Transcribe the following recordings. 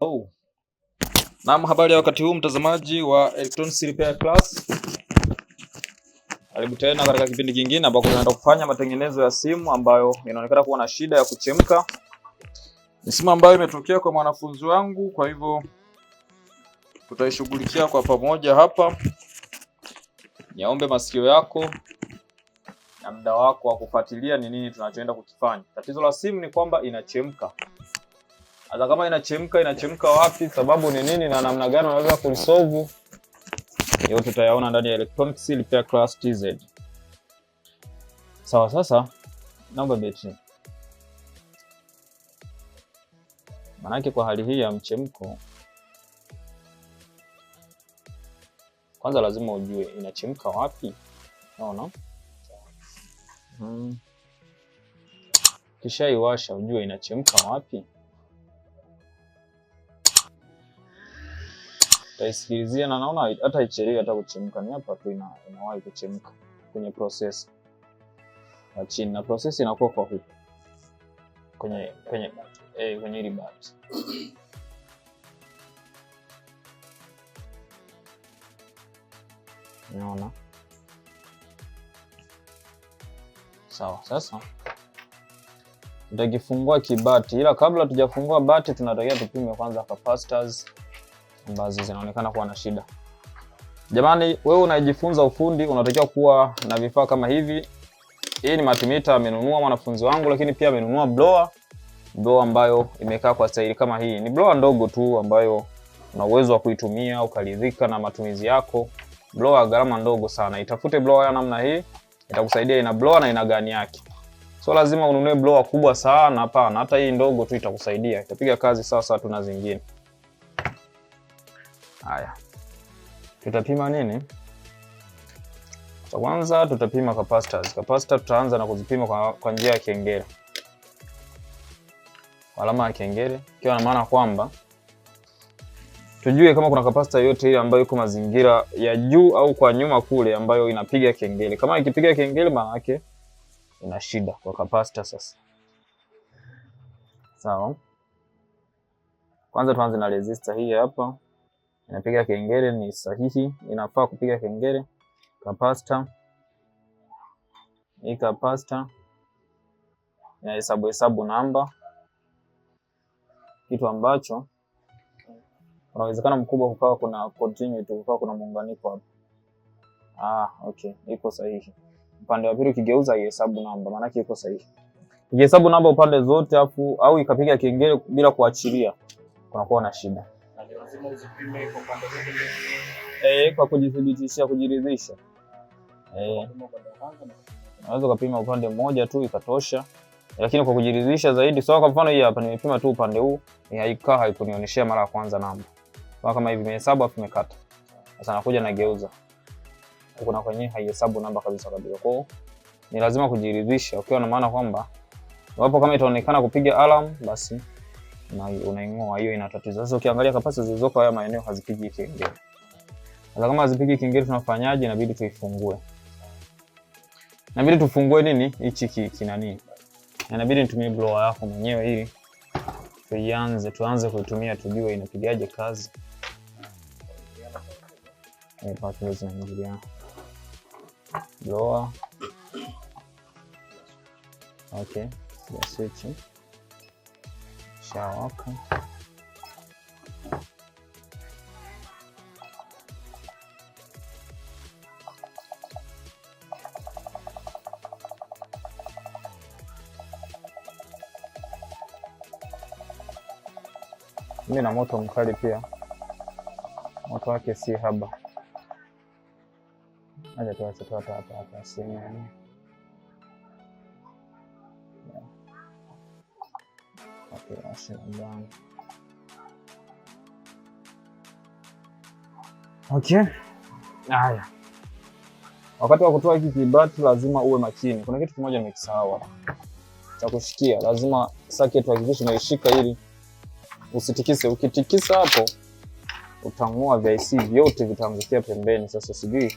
Oh. Naam, habari ya wakati huu mtazamaji wa Electronics Repair Class. Karibu tena katika kipindi kingine ambako tunaenda kufanya matengenezo ya simu ambayo inaonekana kuwa na shida ya kuchemka. Ni simu ambayo imetokea kwa mwanafunzi wangu, kwa hivyo tutaishughulikia kwa pamoja hapa. Niombe masikio yako na muda wako wa kufuatilia ni nini tunachoenda kukifanya. Tatizo la simu ni kwamba inachemka. Hata ah, kama inachemka, inachemka wapi, sababu ni nini na namna gani unaweza kulisolve, hiyo, tutayaona ndani ya seal Repair Class TZ. Sawa, sasa naomba betri. Maanake kwa hali hii ya mchemko, kwanza lazima ujue inachemka wapi, naona hmm. Kisha iwasha ujue inachemka wapi taisikilizia na naona hata ichelewe hata kuchemka, ni hapa tu inawahi kuchemka kwenye prosesi ya chini, na prosesi inakuwa kwa huko kwenye kwenye eh, kwenye ile bati naona sawa. Sasa tutakifungua kibati, ila kabla tujafungua bati tunatakiwa tupime kwanza capacitors ambazo zinaonekana kuwa na shida. Jamani, wewe unajifunza ufundi, unatakiwa kuwa na vifaa kama hivi. Hii ni multimeter amenunua mwanafunzi wangu, lakini pia amenunua blower, blower ambayo imekaa kwa staili kama hii. Ni blower ndogo tu ambayo una uwezo wa kuitumia ukaridhika na matumizi yako. Blower gharama ndogo sana, itafute blower ya namna hii, itakusaidia. Ina blower na ina gani yake, so lazima ununue blower kubwa sana? Hapana, hata hii ndogo tu itakusaidia, itapiga kazi. Sasa tuna zingine Haya, tutapima nini? Cha kwanza tutapima capacitors. Capacitor tutaanza na kuzipima kwa, kwa njia ya kengele, alama ya kengele, ikiwa na maana kwamba tujue kama kuna capacitor yoyote ile ambayo iko mazingira ya juu au kwa nyuma kule ambayo inapiga kengele. Kama ikipiga kengele, maana yake ina shida kwa capacitor. Sasa sawa, kwanza tuanze na resistor hii hapa inapiga kengele, ni sahihi, inafaa kupiga kengele. Kapasta hii kapasta inahesabu hesabu namba, kitu ambacho kuna uwezekano mkubwa kukawa kuna tu, kukawa kuna muunganiko hapo. Ah, okay, iko sahihi. Upande wa pili ukigeuza hesabu namba, maanake iko sahihi. Ikihesabu namba upande zote afu au ikapiga kengele bila kuachilia, kunakuwa na shida ni lazima uzipime kwa pande zote mbili. Eh, kwa kujithibitishia, kujiridhisha. Eh. Unaweza ukapima upande mmoja tu ikatosha, lakini kwa kujiridhisha zaidi. So kwa mfano hii hapa nimepima tu upande huu, ni haikaa haikunionyeshea mara ya kwanza namba kama hivi imehesabu afu imekata. Sasa nakuja nageuza huko na kwenye haihesabu namba kabisa kabisa. Kwa ni lazima kujiridhisha, ukiwa okay, na maana kwamba wapo kama itaonekana kupiga alarm basi na unaing'oa hiyo, ina tatizo. Sasa ukiangalia kapasi zilizoko haya maeneo hazipigi kengele. Sasa kama hazipigi kengele tunafanyaje? Inabidi tuifungue, inabidi tufungue nini hichi kinani, inabidi nitumie blower yako mwenyewe ili tuianze, tuanze kuitumia tujue inapigaje kazi zinaingilia blower. Okay, ya switch Ushawaka. Mimi na moto mkali pia, moto wake si haba. Acha tuache hapa hapa Şuradan. Okay. Haya. Wakati wa kutoa hiki kibati lazima uwe makini. Kuna kitu kimoja nimekisahau cha kushikia, lazima socket hakikisha unaishika ili usitikise. Ukitikisa hapo utang'oa vya IC vyote vitaangukia pembeni. Sasa sijui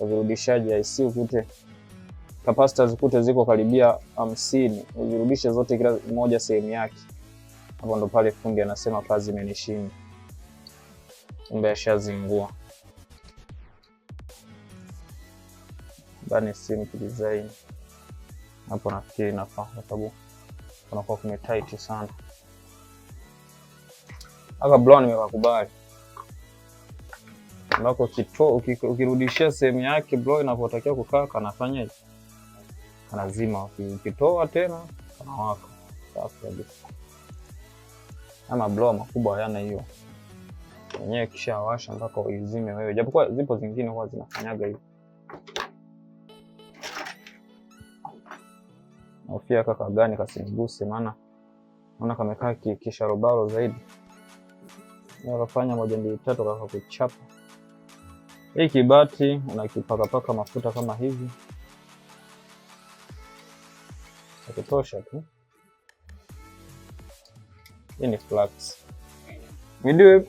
uvirudishaji IC ukute capacitors ukute ziko karibia hamsini, uvirudishe zote kila moja sehemu yake. Hapo ndo pale fundi anasema kazi imenishinda, kumbe ashazingua. Bani simple design hapo, nafikiri nafaa kwa sababu kunakuwa kumetight sana. Aka blow nimekakubali, ambako ukirudishia sehemu yake blow inapotakiwa kukaa, kanafanya kanazima, ukitoa tena kanawaka safi kabisa ama blow makubwa hayana hiyo, wenyewe kisha washa mpaka uizime wewe, japokuwa zipo zingine huwa zinafanyaga hivyo. Hofia kaka gani kasiniguse, maana naona kamekaa kisharobaro zaidi, akafanya moja mbili tatu, kuchapa hii kibati unakipakapaka mafuta kama hivi, akitosha tu hii ni flax. Midweb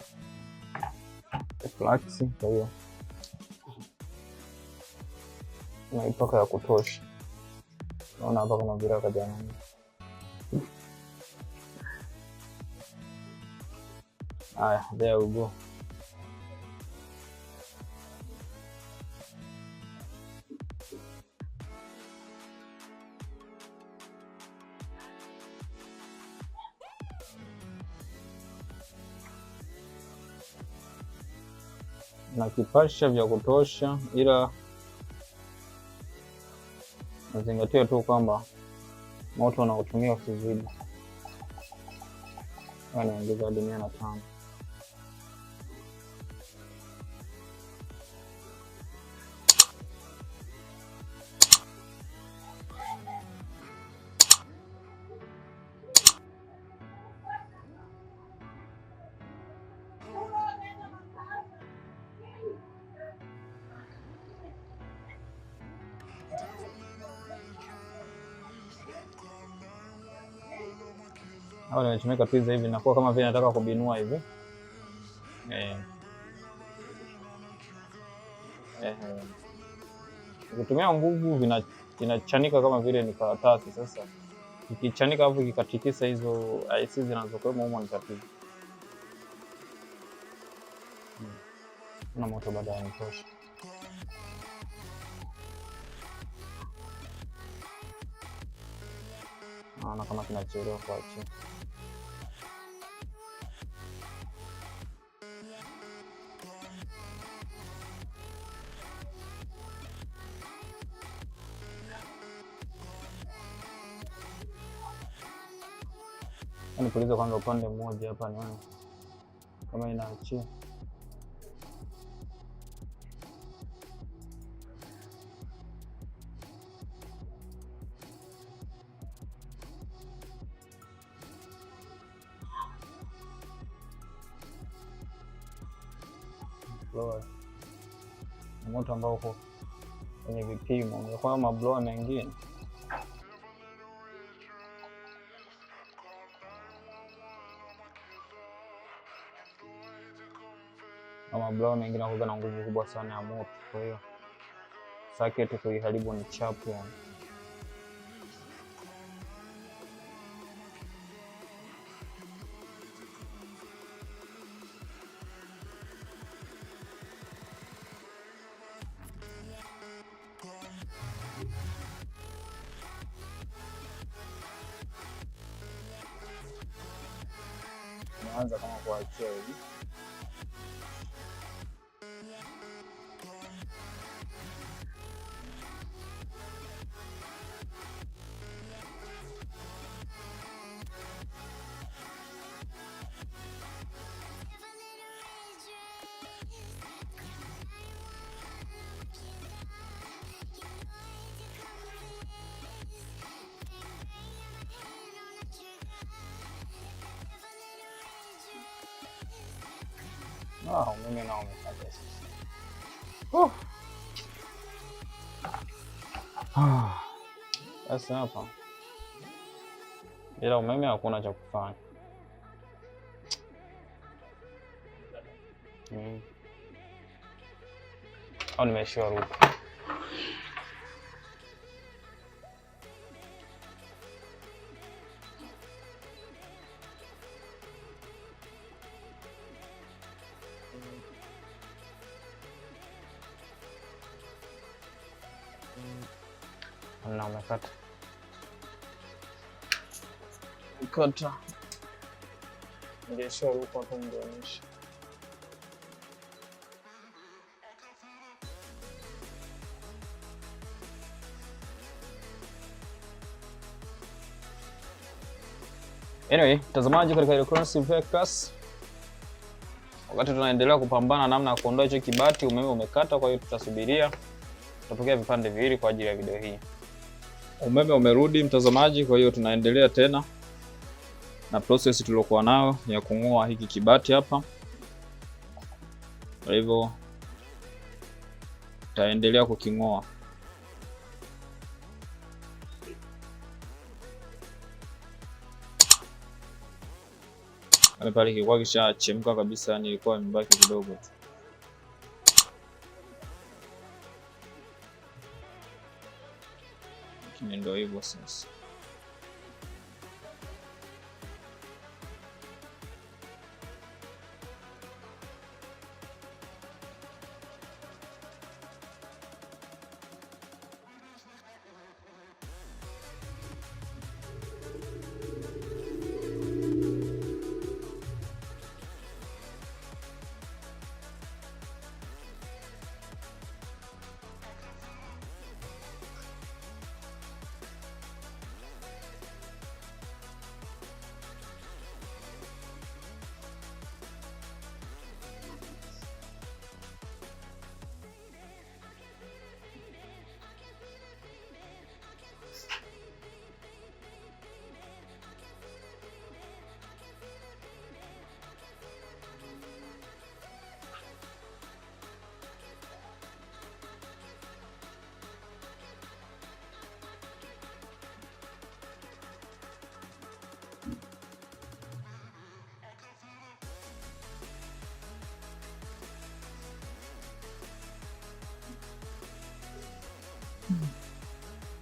flux, kwa hiyo naipaka ya kutosha. Naona hapa kuna viraka jamani. Aya, there we go. kupasha vya kutosha, ila nazingatia tu kwamba moto unaotumia usizidi. Anaongeza hadi mia na tano. hapa nimechomeka pizza hivi, nakuwa kama vile nataka kubinua hivi eh. Eh, Kutumia nguvu vinachanika kama vile ni karatasi. Sasa ikichanika hapo, kikatikisa hizo IC zinazokwemo humo ni tatizo. Hmm. Na moto baadaye ni tosha. Naona kama kinachelewa kuachia Nipulize yaani kwanza upande mmoja hapa nione kama inaachia. Moto ambao uko kwenye vipimo, kwa mabloa mengine mablauni wengine wanakuwa na nguvu kubwa sana ya moto, kwa hiyo saki yetu kuiharibu ni chapu yani. Naanza kama kuachia hivi Ah, umeme nao umekaja sasa. Uh. Ah. Sasa hapa umeme hakuna cha kufanya. Hmm. Au nimeishiwa ruku kata kata ngesha ulikuwa kumdonyesha Anyway, mtazamaji katika Electronics Vehicles wakati tunaendelea kupambana namna ya kuondoa hicho kibati, umeme umekata. Kwa hiyo tutasubiria, tutapokea vipande viwili kwa ajili ya video hii. Umeme umerudi mtazamaji, kwa hiyo tunaendelea tena na process tuliokuwa nayo ya kung'oa hiki kibati hapa. Kwa hivyo tutaendelea kuking'oa. Pale kilikuwa kishachemka kabisa, yani imebaki kidogo tu. and your evil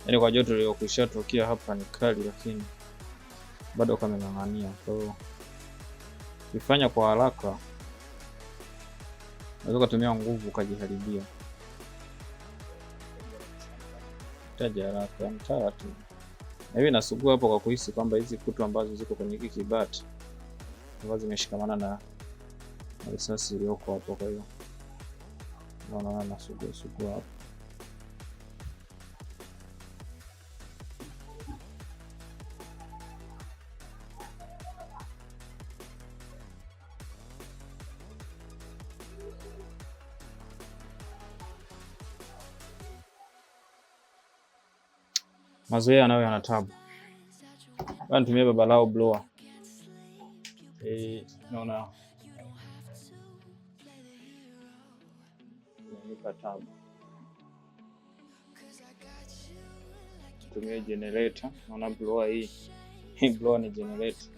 yani kwa joto lililokuisha tokea hapa ni kali, lakini bado kameng'ang'ania. Kwa hiyo ukifanya kwa haraka unaweza ukatumia nguvu ukajiharibia. Taja haraka, mtala tu. Na hivi nasugua hapo kwa kuhisi kwamba hizi kutu ambazo ziko kwenye hiki kibati ambazo zimeshikamana na risasi iliyoko hapo, kwa hiyo naona nasugua sugua hapo Mazoea nayo yana tabu. Yaani Nitumia baba lao blower. Eh, naona tabu. Tumia generator. Naona blower hii. Hii blower ni generator.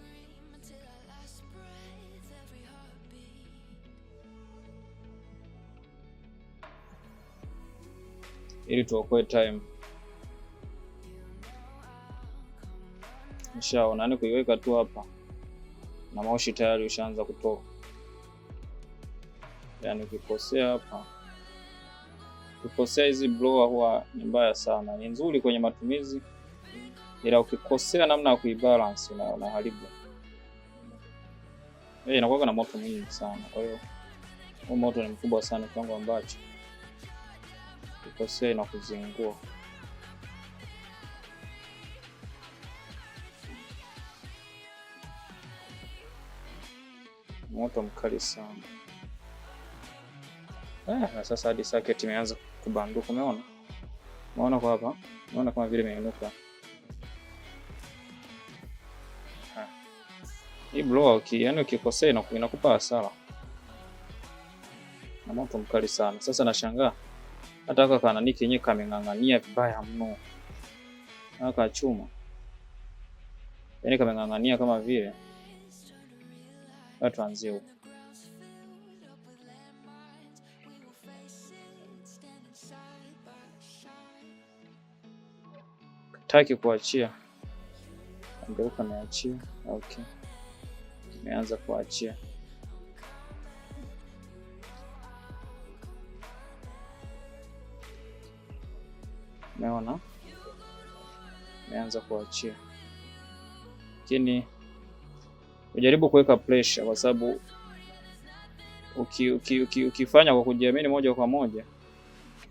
Ili tuokoe time. Nishaona yani kuiweka tu hapa na moshi tayari ushaanza kutoka. Yani ukikosea hapa, ukikosea hizi blower huwa ni mbaya sana. Ni nzuri kwenye matumizi, ila ukikosea namna ya kuibalance na unaharibu eh, inakuwa na moto mwingi sana. Kwa hiyo huu moto ni mkubwa sana, kiwango ambacho ukikosea inakuzingua. moto mkali sana eh. Na sasa hadi socket imeanza kubanduka, umeona? Umeona kwa hapa, umeona kama vile imeinuka. Hii blower yani ukikosea inakupa hasara, na moto mkali sana. Sasa nashangaa hata aka kanani kenyewe kameng'ang'ania vibaya mno, aka chuma yani kameng'ang'ania kama vile 要转九。Taki kuachia, angeuka niachia. Okay, imeanza kuachia. meona imeanza kuachia lakini ujaribu kuweka pressure, kwa sababu uki, uki, uki, ukifanya kwa kujiamini moja kwa moja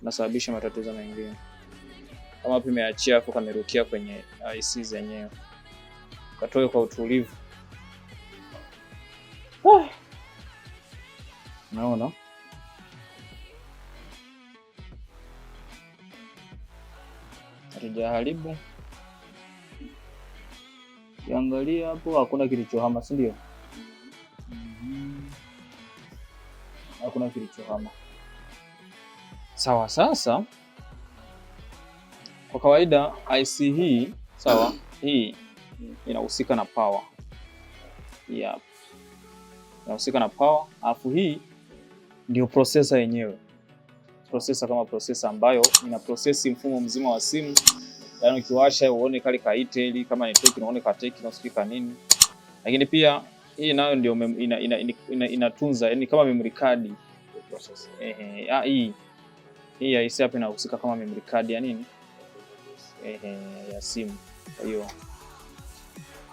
unasababisha matatizo mengine, kama achia hapo kamerukia kwenye uh, IC zenyewe, katoe kwa utulivu. Ah, naona hatujaharibu Ukiangalia hapo hakuna kilichohama, si ndio? Mhm. Hakuna kilichohama. Sawa. Sasa kwa kawaida IC hii sawa, hii inahusika na power hii inahusika na power, alafu hii ndio processor yenyewe, processor kama processor ambayo ina process mfumo mzima wa simu yani ukiwasha uone kale itel kama ni tech unaone ka teki unasikika nini, lakini pia hii nayo ndio inatunza ina, ina, ina, ina yani kama memory card ehe. Ah, hii hii ya hisi hapa inahusika kama memory card ya nini ehe, ya simu. Kwa hiyo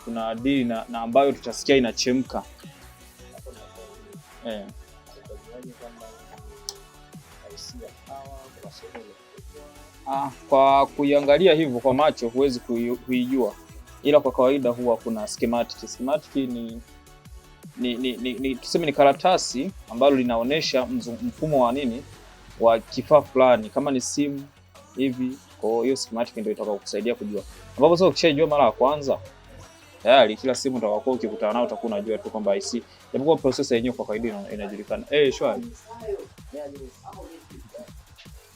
kuna dili na, na ambayo tutasikia inachemka eh Ah, kwa kuiangalia hivyo kwa macho huwezi kuijua, ila kwa kawaida huwa kuna schematic. Schematic ni ni, ni, ni, ni tuseme ni karatasi ambalo linaonyesha mfumo wa nini wa kifaa fulani, kama ni simu hivi. Kwa hiyo schematic ndio itakayokusaidia kujua, ambapo sasa ukishajua mara ya kwanza tayari kila simu utakayokuwa ukikutana nayo utakuwa unajua tu kwamba IC, japokuwa processor yenyewe kwa kawaida inajulikana. Eh, shwari.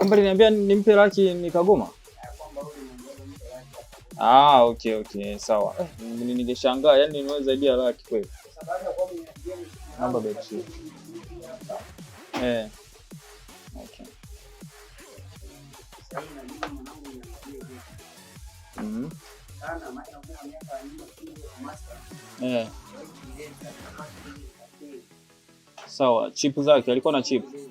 kwamba niambia nimpe laki nikagoma. Ah, okay okay, sawa. Ningeshangaa yani niwe zaidi ya laki kweli. Namba beki. Eh. Okay. Mm. Eh. Sawa, chip zake alikuwa na chipu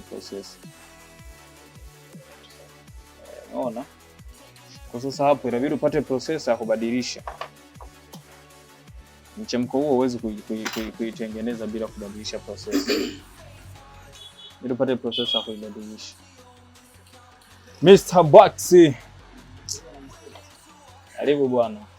process. Unaona? Kwa sasa hapo inabidi upate processor ya kubadilisha mchemko huo, huwezi kuitengeneza bila kubadilisha processor. Ili upate processor ya kuibadilisha. Mr. Boxy. Karibu bwana.